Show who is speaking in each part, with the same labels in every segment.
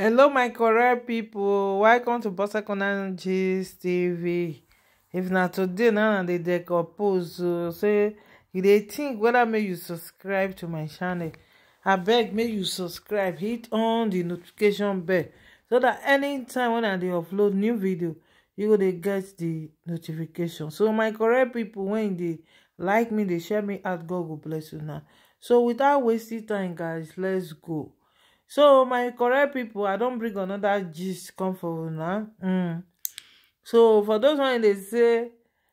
Speaker 1: hello my correct people. welcome to Bossa corner gist tv if not today na they decompose o say you dey think whether may you subscribe to my channel I beg, may you subscribe hit on the notification bell so dat anytime when i dey upload new video you go dey get the notification so my correct people, when they like me they share me out god will bless you now so without wasting time guys let's go so my correct people, i don't bring another gist come for now. mm. so for those one they say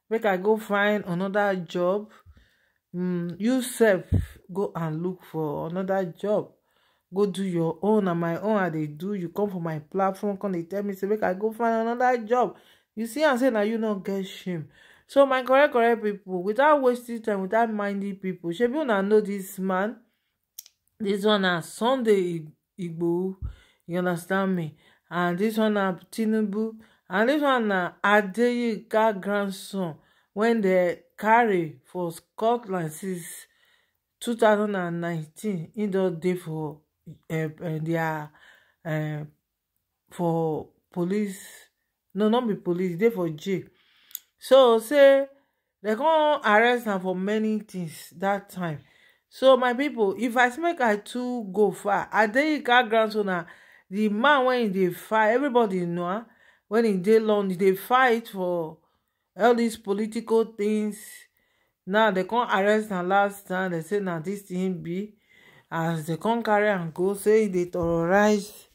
Speaker 1: make i go find another job mm, you sef go and look for another job go do your own and my own i they do you come for my platform come they tell me say make i go find another job you see am say na you no get shame so my correct correct people, without wasting time without minding people, shebi una know this man This one na sunday Igbo. You understand me? And this one na Tinubu. And this one na Adeyinka grandson. When they carry for Scotland since 2019, e don dey for uh, uh, their uh, for police. No, not be police. Dey for jail. So say they come arrest am for many things that time so my people, if i make i too go far I our grandson The man when hin dey fight everybody know ah, When wen hin long they fight for all these political things. now they can't arrest and last time they say na this thing be as they can't carry and go say they dey terrorize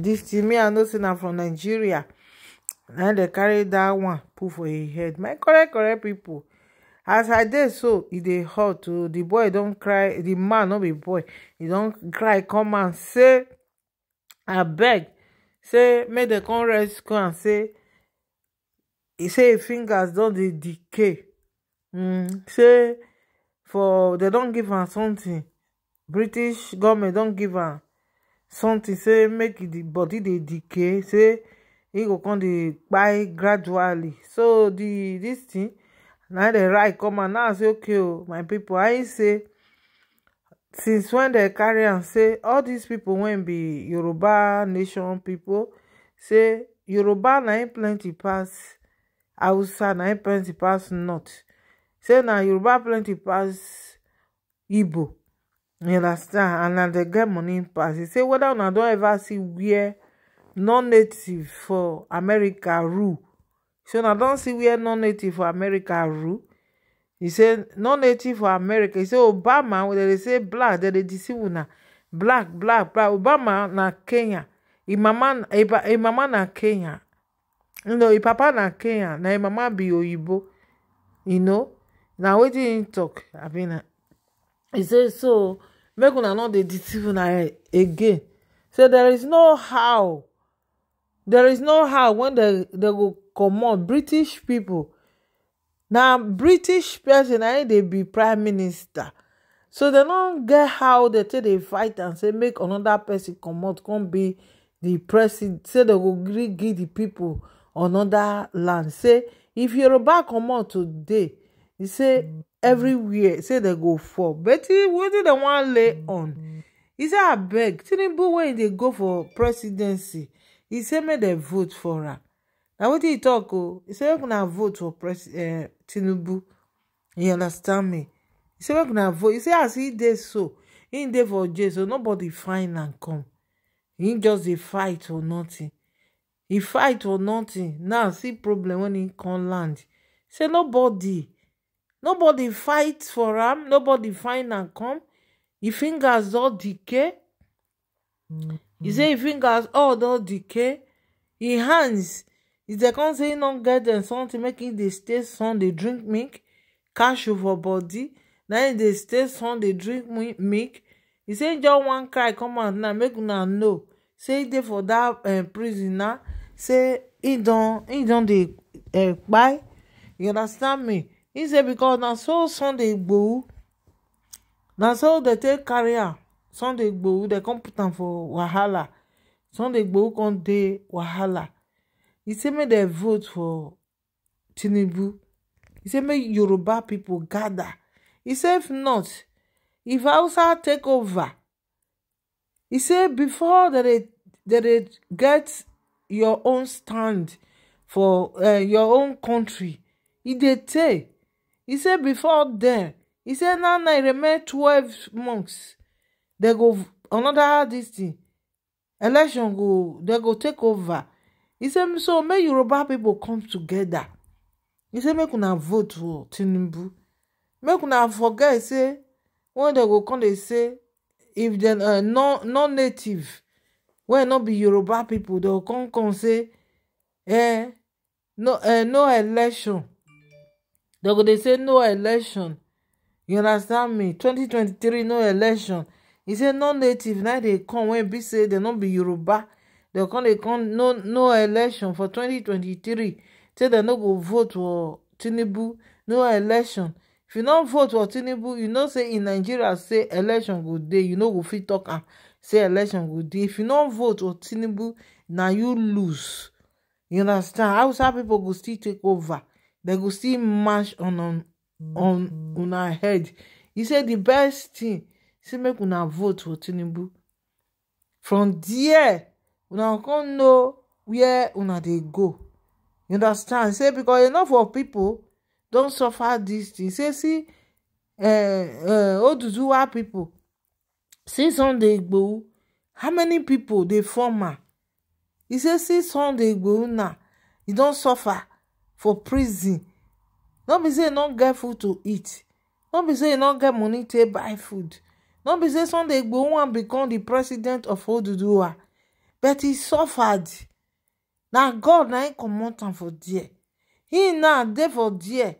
Speaker 1: dis eh, tin me i know say na from nigeria na they carry that one put for hin head my correct correct people. as i did so it e dey hurt to the boy don't cry The man no be boy he don't cry come and say I beg, say make the come rescue say he say fingers don decay mm. say for they don't give am something british government don't give am something say make the body dey decay say e go come dey kpai gradually so the this thing Now they right come and now say okay o oh, my people, i say since when they carry and say all these people wey be yoruba nation people, say yoruba na im plenty pass hausa na im plenty pass not say now yoruba plenty pass igbo you understand and na dem get money pass e say whether una don't ever see where non native for america rule so na don see where non-native for america rule he said non-native for america He said obama dem dey say black dem dey deceive una black black black obama na kenya His mama mama na kenya You know his papa na kenya na his mama be oyibo you know Now we didn't talk. I mean, he said so make una no dey deceive una again So there is no how there is no how when they they go comot british pipo na british person na im dey be prime minister so dem no get how dem take dey fight am say make another person comot come be di president say dem go gree give di pipo anoda land say if yoruba comot today e say mm-hmm. everywhere say dem go fall e, wetin dem wan lay on mm-hmm. e say abeg tinubu wey e dey go for presidency e say make dem vote for am na wetin he talk, o oh? He say make una vote for eh, tinubu you understand me He say make una vote He say as he dey so he dey for jail so nobody find am come He just dey fight for nothing He fight for nothing now see problem when he come land say nobody nobody fight for am nobody find am come e fingers don decay He say e fingers all don decay e hands Is the concealing not get and something making the son they drink milk? Cash over body. Then the state son they drink milk. It's say just one cry come out now make una know. Say they for that uh, eh, prisoner. Say it don Il don dey uh, You understand me? He say because na so Sunday boo na so dey take carry Son de boo dey come put for wahala. come dey wahala. He said, make dem vote for tinubu He said, make yoruba people gather He said, if not if hausa take over He said, before that, that dey get your own stand for eh, your own country e He did say. He said, before then." He said, now na e remain twelve months They go another this thing election go They go take over He say so make yoruba people come together. He say make una vote for tinubu make una forget say when dem go come dey say if dem uh, non native wey no be yoruba people, dem go come come say eh no eh no election dem go dey say no election you understand me 2023 no election He say non native na dey come wen be say dem no be yoruba dem come dey come no no election for 2023 say dem no go vote for tinubu no election if you no vote for tinubu you know say in nigeria say election go dey you no go fit talk am say election go dey if you no vote for tinubu na you lose you understand hausa pipo go still take over dem go still march on on on una head He say the best tin say make una vote for tinubu from there una come know where una dey go you understand say because enough of people don't suffer this thing say see people eh, eh, people. see sunday go how many people dey former you say see sunday go na you don't suffer for prison no be say no get food to eat no be say no get money to buy food no be say sunday go wan become the president of oduduwa but he suffered na god na him comot am for there He now dey for there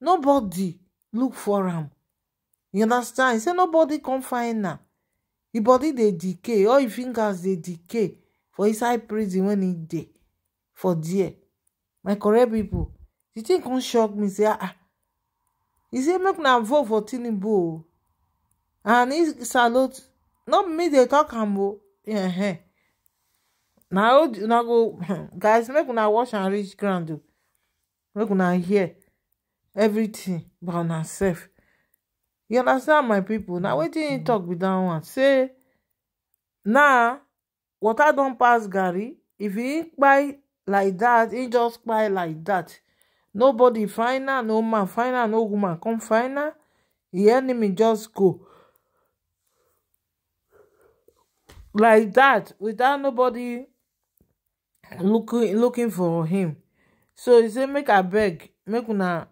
Speaker 1: nobody look for am you understand e say nobody come find am e body dey decay all e fingers dey decay for inside prison wen he dey for there my correct people. The thing come shock me say ah, ah. He say make na vote for tinubu and e salute not me they talk am o ehn na old una go guys make una watch and reach ground o make una hear everything about una sef you understand my people. na wetin im talk be that one say now water don pass garri if he kpai like that, he just kpai like that. nobody find am no man find am no woman come find am e enemy just go like that without nobody looking looking for him so he said, make beg, make una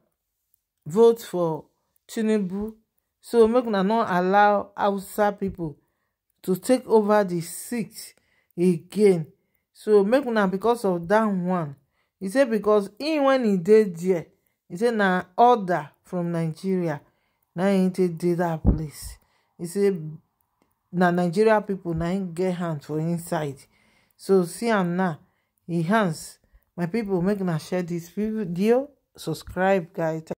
Speaker 1: vote for tinubu so make una not allow outside people to take over the seat again so make una because of that one he said because even when he did there he said na order from nigeria now he did that place He said na nigeria people na get hand for inside so see am now e hands my pipo make una share dis video subscribe guys